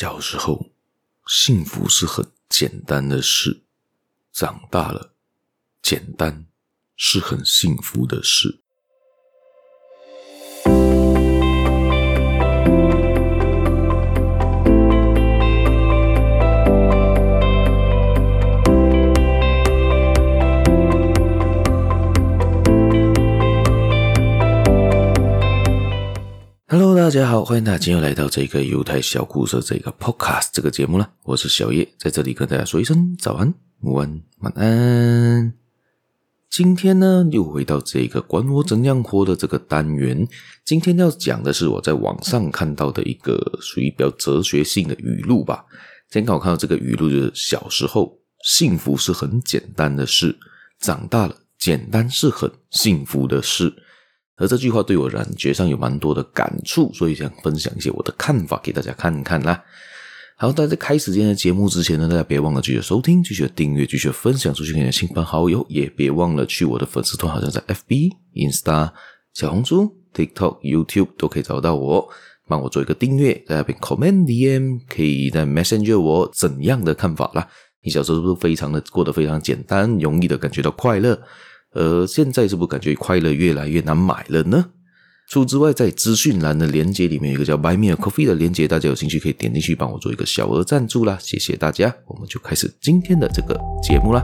小時候，幸福是很簡單的事；長大了，簡單是很幸福的事。Hello，大家好，歡迎大家今天又來到這個猶太小故事這個 Podcast 這個節目了。我是小葉，在這裡跟大家說一聲早安、午安、晚安。今天呢，又回到這個“管我怎樣活”的這個單元。今天要講的是我在網上看到的一個屬於比較哲學性的語錄吧。今天我看到這個語錄就是：小時候幸福是很簡單的事，長大了簡單是很幸福的事。而這句話對我感覺上有蠻多的感觸，所以想分享一些我的看法給大家看看啦。好，大家在開始今天的節目之前呢，大家別忘了繼續收聽、繼續訂閱、繼續分享出去給你的親朋好友，也別忘了去我的粉絲團，好像在 FB、Insta、小紅書、TikTok、YouTube 都可以找到我，幫我做一個訂閱，在那邊 Comment DM，可以在 Messenger 我怎樣的看法啦。你小時候是不是非常的過得非常簡單、容易的感覺到快樂？而現在是不是感覺快樂越來越難買了呢？除此之外，在資訊欄的鏈接裡面有一個叫 Buy Me a Coffee 的鏈接，大家有興趣可以點進去幫我做一個小額贊助啦，謝謝大家！我們就開始今天的這個節目啦。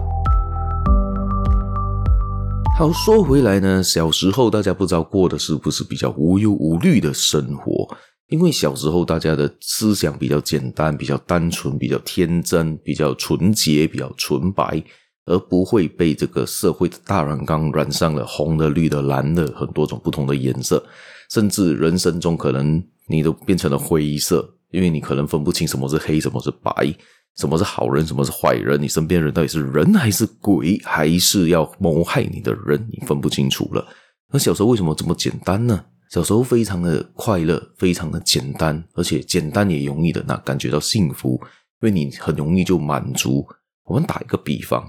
好，說回來呢，小時候大家不知道過的是不是比較無憂無慮的生活？因為小時候大家的思想比較簡單，比較單純，比較天真，比較純潔，比較純，比較純白。而不會被這個社會的大染缸染上了紅的、綠的、藍的很多種不同的顏色，甚至人生中可能你都變成了灰色，因為你可能分不清什麼是黑，什麼是白，什麼是好人，什麼是壞人，你身邊人到底是人還是鬼，還是要謀害你的人，你分不清楚了。那小時候為什麼這麼簡單呢？小時候非常的快樂，非常的簡單，而且簡單也容易的，那感覺到幸福，因為你很容易就滿足。我們打一個比方。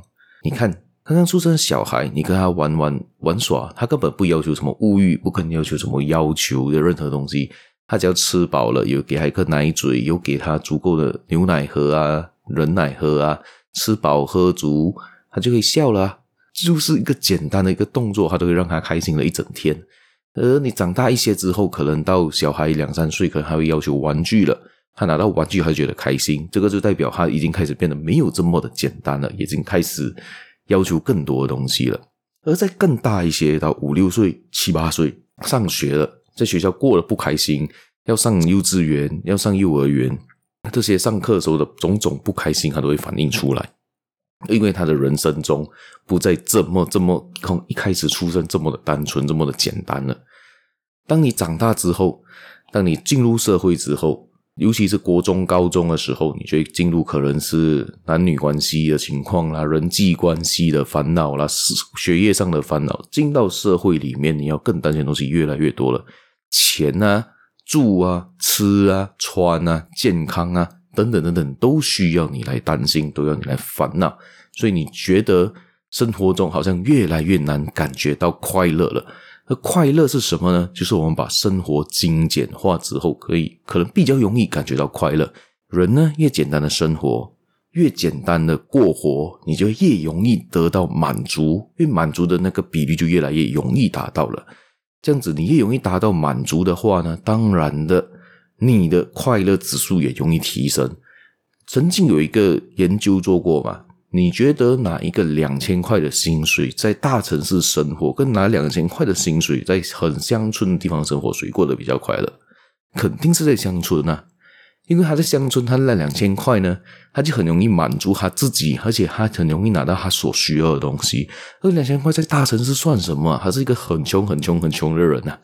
你看，剛剛出生的小孩，你跟他玩玩玩耍，他根本不要求什麼物欲，不可能要求什麼要求的任何東西。他只要吃飽了，有給他一個奶嘴，有給他足夠的牛奶喝啊，人奶喝啊，吃飽喝足，他就可以笑了啊。就是一個簡單的一個動作，他都會讓他開心了一整天。而你長大一些之後，可能到小孩兩三歲，可能他會要求玩具了。他拿到玩具，他就覺得開心，這個就代表他已經開始變得沒有這麼的簡單了，已經開始要求更多的東西了。而在更大一些，到五六歲、七八歲上學了，在學校過得不開心，要上幼稚園，要上幼，園要上幼兒園，這些上課的時候的種種不開心，他都會反映出來，因為他的人生中不再這麼這麼從一開始出生這麼的單純，這麼的簡單了。當你長大之後，當你進入社會之後，尤其是國中、高中的時候，你就會進入可能是男女關係的情況啦、人際關係的煩惱啦、學業上的煩惱。進到社會裡面，你要更擔心的東西越來越多了：錢啊、住啊、吃啊、穿啊、健康啊，等等等等，都需要你來擔心，都要你來煩惱。所以你覺得生活中好像越來越難感覺到快樂了。而快樂是什麼呢？就是我們把生活精簡化之後，可以可能比較容易感覺到快樂。人呢，越簡單的生活，越簡單的過活，你就越容易得到滿足，越滿足的那個比率就越來越容易達到了。這樣子，你越容易達到滿足的話呢，當然的，你的快樂指數也容易提升。曾經有一個研究做過嘛。你覺得拿一個兩千塊的薪水在大城市生活，跟拿兩千塊的薪水在很鄉村的地方生活，誰過得比較快樂？肯定是在鄉村啊，因為他在鄉村，他那兩千塊呢，他就很容易滿足他自己，而且他很容易拿到他所需要的東西。而兩千塊在大城市算什麼？他是一個很窮、很窮、很窮的人啊。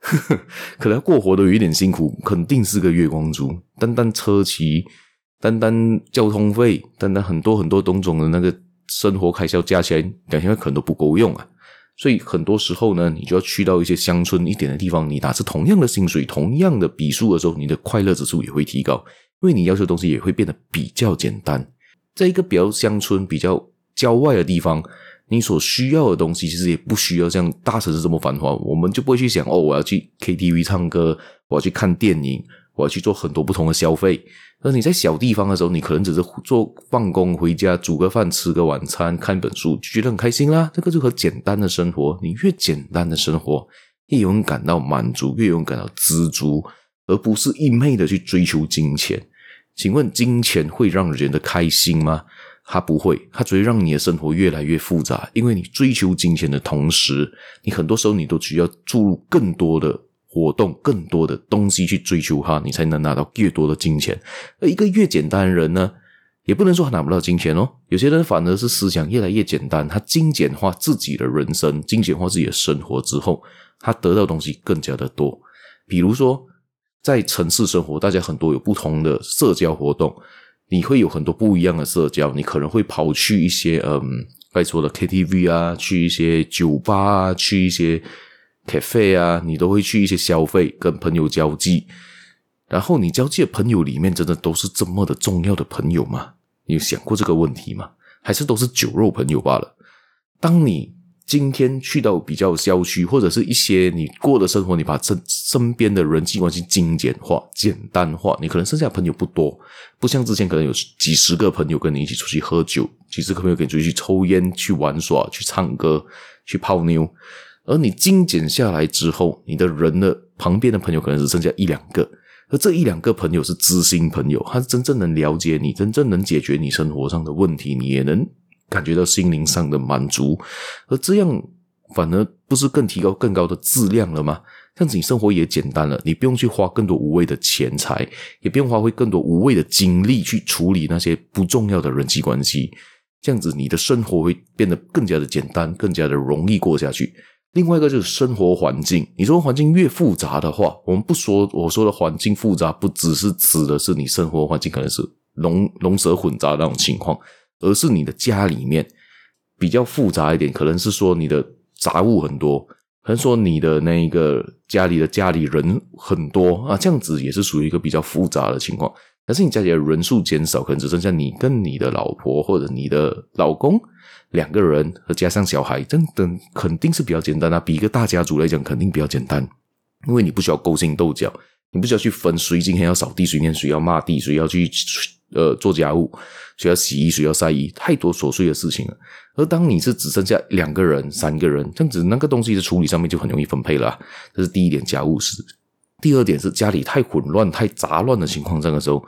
呵呵，可能要過活都有一點辛苦，肯定是個月光族，單單車騎。單單交通費，單單很多很多種種的那個生活開銷，加起來兩千塊可能都不夠用啊。所以很多時候呢，你就要去到一些鄉村一點的地方。你拿着同樣的薪水、同樣的筆數的時候，你的快樂指數也會提高，因為你要求的東西也會變得比較簡單。在一個比較鄉村、比較郊外的地方，你所需要的東西其實也不需要像大城市這麼繁華。我們就不會去想哦，我要去 KTV 唱歌，我要去看電影。我要去做很多不同的消費，而你在小地方的時候，你可能只是做放工回家煮個飯，吃個晚餐，看一本書，就覺得很開心啦。這個就很簡單的生活，你越簡單的生活，越有人感到滿足，越有人感到知足，而不是一味的去追求金錢。請問，金錢會讓人的開心嗎？他不會，他只會讓你的生活越來越複雜。因為你追求金錢的同時，你很多時候你都需要注入更多的。活動更多的東西去追求它，你才能拿到越多的金錢。而一個越簡單的人呢，也不能說他拿不到金錢哦。有些人反而是思想越來越簡單，他精簡化自己的人生，精簡化自己的生活之後，他得到東西更加的多。比如說，在城市生活，大家很多有不同的社交活動，你會有很多不一樣的社交，你可能會跑去一些，嗯，該說的 KTV 啊，去一些酒吧啊，去一些。咖啡啊，你都會去一些消費，跟朋友交際。然後你交際的朋友裡面，真的都是這麼的重要的朋友嗎？你有想過這個問題嗎？還是都是酒肉朋友罷了？當你今天去到比較郊區，或者是一些你過的生活，你把身身邊的人際關係精簡化、簡單化，你可能剩下的朋友不多，不像之前可能有幾十個朋友跟你一起出去喝酒，幾十個朋友跟你出去抽菸、去玩耍、去唱歌、去泡妞。而你精簡下來之後，你的人的旁邊的朋友可能只剩下一兩個，而這一兩個朋友是知心朋友，他是真正能了解你，真正能解決你生活上的問題，你也能感覺到心靈上的滿足。而這樣反而不是更提高更高的質量了嗎？這樣子你生活也簡單了，你不用去花更多無謂的錢財，也不用花費更多無謂的精力去處理那些不重要的人際關係。這樣子你的生活會變得更加的簡單，更加的容易過下去。另外一個就是生活環境，你說環境越複雜的話，我們不說，我說的環境複雜，不只是指的是你生活環境可能是龍龍蛇混雜的那種情況，而是你的家裡面比較複雜一點，可能是說你的雜物很多，可能是說你的那一個家裡的家裡人很多啊，這樣子也是屬於一個比較複雜的情況。可是你家裡的人數減少，可能只剩下你跟你的老婆或者你的老公兩個人，和加上小孩，真的，肯定是比較簡單啊。比一個大家族來講，肯定比較簡單，因為你不需要勾心鬥角，你不需要去分誰今天要掃地，地，誰今天誰要罵地，誰要去呃做家務，誰要洗衣，誰要曬衣，太多瑣碎的事情了。而當你是只剩下兩個人、三個人這樣子，那個東西的處理上面就很容易分配了啊。這是第一點，家務事。第二點是家裡太混亂、太雜亂的情況，這個時候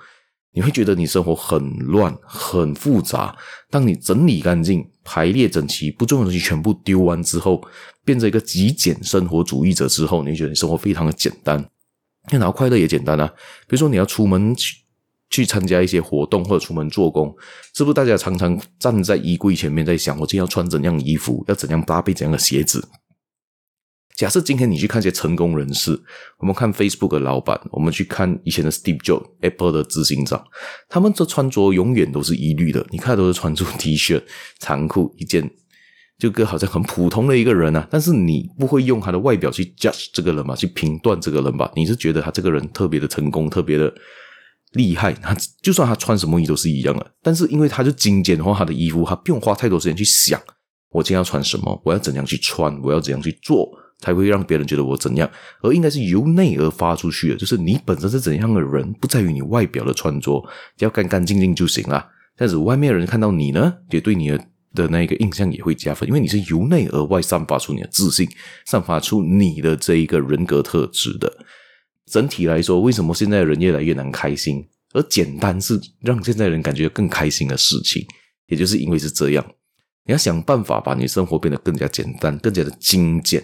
你會覺得你生活很亂、很複雜。當你整理乾淨、排列整齊、不重要的東西全部丟完之後，變成一個極簡生活主義者之後，你會覺得你生活非常的簡單。那然後快樂也簡單啊。比如說你要出門去去參加一些活動，或者出門做工，是不是大家常常站在衣櫃前面在想，我今天要穿怎樣衣服，要怎樣搭配怎樣的鞋子？假設今天你去看一些成功人士，我們看 Facebook 的老板，我們去看以前的 Steve Jobs，Apple 的執行長，他們的穿着永遠都是一律的，你看他都是穿着 T 恤、長褲一件，就跟好像很普通的一個人啊。但是你不會用他的外表去 judge 這個人嘛，去評斷這個人吧？你是覺得他這個人特別的成功，特別的厲害。他就算他穿什麼衣都是一樣的，但是因為他就精簡的話，他的衣服他不用花太多時間去想，我今天要穿什麼，我要怎樣去穿，我要怎樣去做。才會讓別人覺得我怎樣，而應該是由內而發出去的。就是你本身是怎樣的人，不在於你外表的穿着，只要乾乾淨淨就行了。但是外面的人看到你呢，也對你的的那個印象也會加分，因為你是由內而外散發出你的自信，散發出你的這一個人格特質的。整體來說，為什麼現在人越來越難開心？而簡單是讓現在人感覺更開心的事情，也就是因為是這樣。你要想辦法把你生活變得更加簡單，更加的精簡。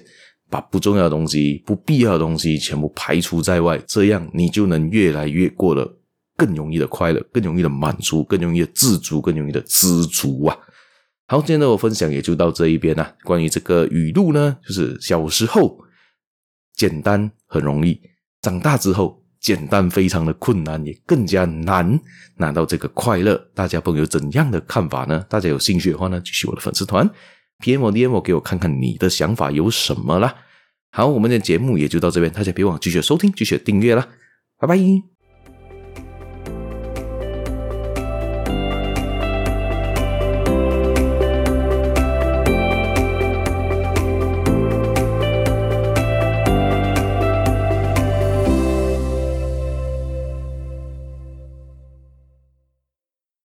把不重要的東西、不必要的東西全部排除在外，這樣你就能越來越過得更容易的快樂、更容易的滿足、更容易的自足、更容易的知足啊！好，今天的我分享也就到這一邊了，啊。關於這個語錄呢，就是小時候簡單很容易，長大之後簡單非常的困難，也更加難拿到這個快樂。大家朋友有怎樣的看法呢？大家有興趣的話呢，繼續我的粉絲團。PMO，DMO，給我看看你的想法有什麼啦。好，我們的節目也就到這邊，大家別忘了繼續收聽，繼續訂閱啦。拜拜。